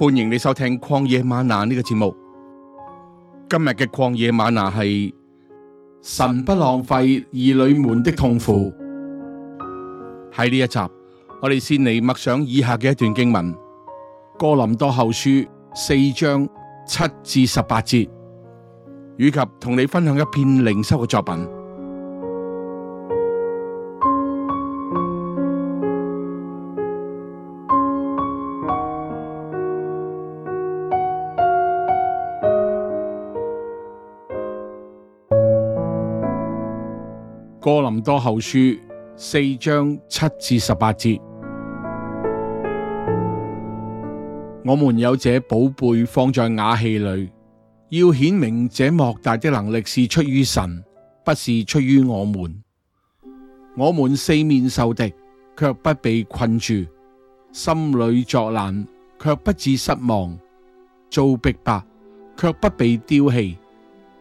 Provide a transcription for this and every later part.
歡迎你收聽曠野嗎哪呢個節目。今日嘅曠野嗎哪係神不浪費兒女們的痛苦。喺呢一集，我哋先嚟默想以下嘅一段經文，哥林多後書四章七至十八節，以及同你分享一篇靈修嘅作品。哥林多後書四章七至十八節，我們有這寶貝放在瓦器裏，要顯明這莫大的能力是出於神，不是出於我們。我們四面受敵，卻不被困住；心裏作難，卻不致失望；遭逼迫，卻不被丟棄；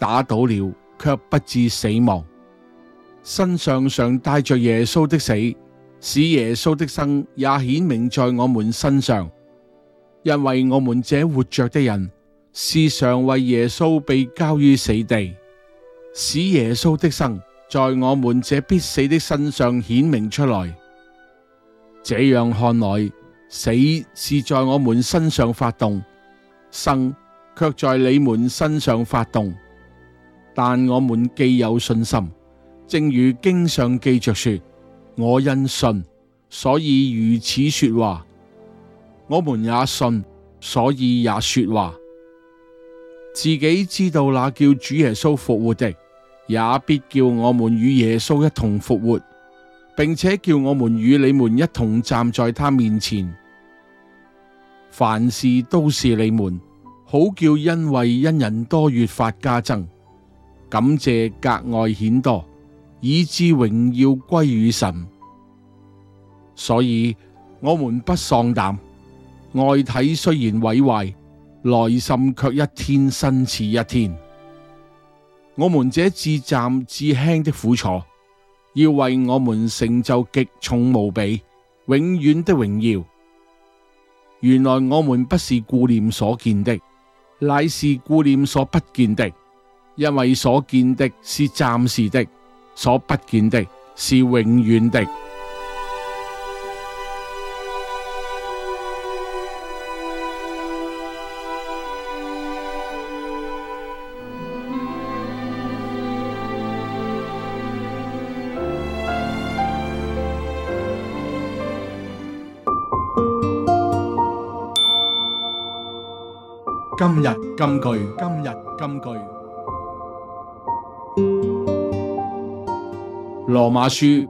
打倒了，卻不致死亡。身上常帶着耶穌的死，使耶穌的生也顯明在我們身上。因為我們這活着的人，是常為耶穌被交於死地，使耶穌的生在我們這必死的身上顯明出來。這樣看來，死是在我們身上發動，生却在你們身上發動。但我們既有信心。正如經上記着說，我因信所以如此說話，我們也信，所以也說話。自己知道那叫主耶穌復活的，也必叫我們與耶穌一同復活，並且叫我們與你們一同站在他面前。凡事都是你們，好叫恩惠因人多越發加增，感謝格外顯多。以致榮耀歸於神，所以我們不喪膽。外體雖然毀壞，內心卻一天新似一天。我們這至暫至輕的苦楚，要為我們成就極重無比、永遠的榮耀。原來我們不是顧念所見的，乃是顧念所不見的，因為所見的是暫時的。所不見的是永遠的。今日金句，今日金句。羅馬書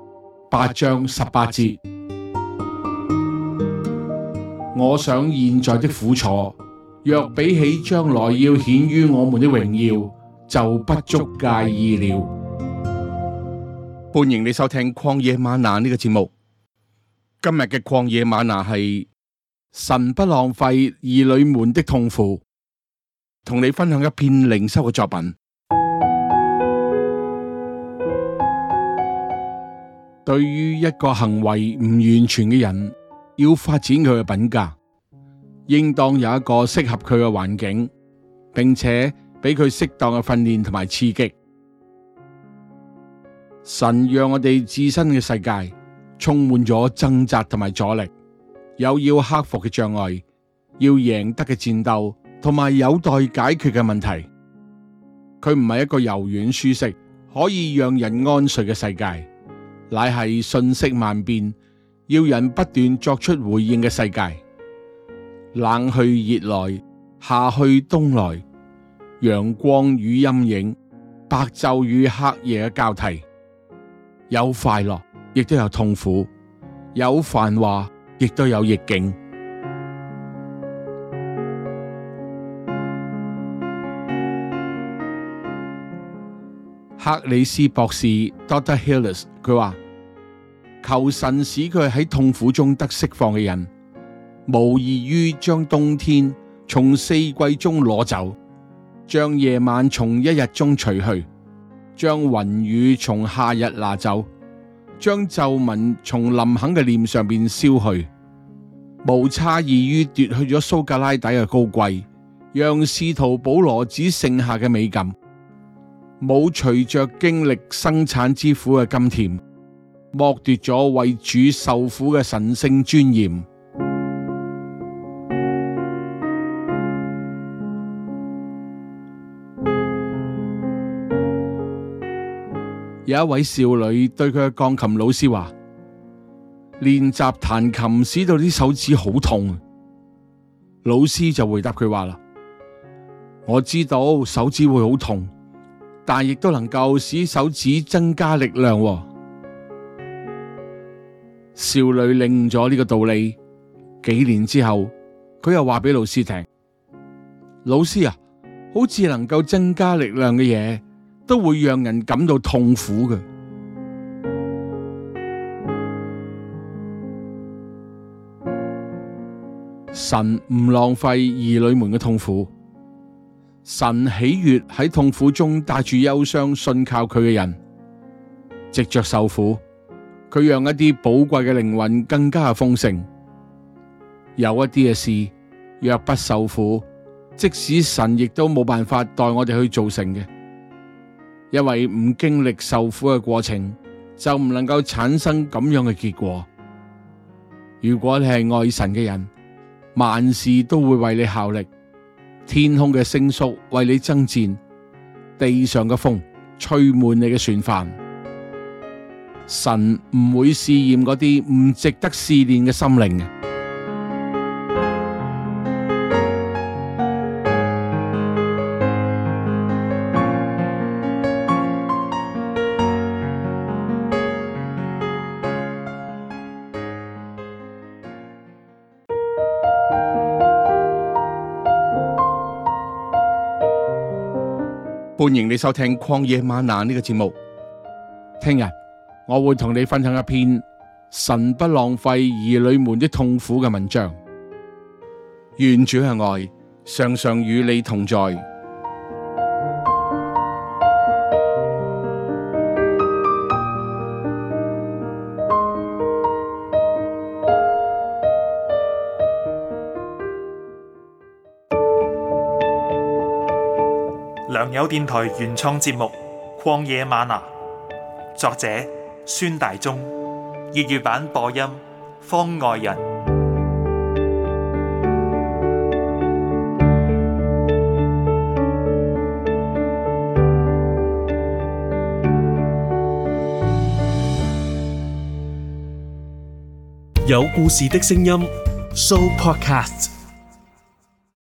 八章十八節，我想現在的苦楚，若比起將來要顯於我們的榮耀，就不足介意了。歡迎你收聽曠野嗎哪呢個節目。今日嘅曠野嗎哪係神不浪費兒女們的痛苦，同你分享一篇靈修嘅作品。對於一個行為唔完全嘅人，要發展佢嘅品格，應當有一個適合佢嘅環境，並且俾佢適當嘅訓練同埋刺激。神讓我哋自身嘅世界充滿咗掙扎同埋阻力，有要克服嘅障礙，要贏得嘅戰鬥，同埋有待解決嘅問題。佢唔係一個柔軟舒適、可以讓人安睡嘅世界。乃係瞬息萬變，要人不斷作出回應嘅世界。冷去熱來，夏去冬來，陽光與陰影，白晝與黑夜嘅交替，有快樂，亦都有痛苦；有繁華，亦都有逆境。克里斯博士 Dr. Hillis 佢話：求神使佢喺痛苦中得釋放嘅人，無異於將冬天從四季中攞走，將夜晚從一日中除去，將雲雨從夏日拿走，將皺紋從林肯嘅臉上邊消去，無差異於奪去咗蘇格拉底嘅高貴，讓使徒保羅只剩下嘅美感。冇隨着經歷生產之苦嘅甘甜，剝奪咗為主受苦嘅神聖尊嚴。 有一位少女對佢嘅鋼琴老師話：練習彈琴使到啲手指好痛。老師就回答佢話啦：我知道手指會好痛。但亦都能夠使手指增加力量哦。少女領悟咗呢個道理，幾年之後，佢又話俾老師聽：老師啊，好似能夠增加力量嘅嘢，都會讓人感到痛苦嘅。神唔浪費兒女們嘅痛苦。神喜悅喺痛苦中帶住憂傷信靠佢嘅人，藉着受苦，佢讓一啲寶貴嘅靈魂更加嘅豐盛。有一啲嘅事，若不受苦，即使神亦都冇辦法代我哋去造成嘅，因為唔經歷受苦嘅過程，就唔能夠產生咁樣嘅結果。如果你係愛神嘅人，萬事都會為你效力。天空嘅星宿為你爭戰，地上嘅風吹滿你嘅船帆。神唔會試驗嗰啲唔值得試煉嘅心靈。歡迎你收聽曠野嗎哪呢個節目。聽日我會同你分享一篇神不浪費兒女們的痛苦嘅文章。願主的愛常常與你同在。良友電台原創節目《曠野嗎哪》，作者孫大中，粵語版播音方外人，有故事的聲音，Show Podcast。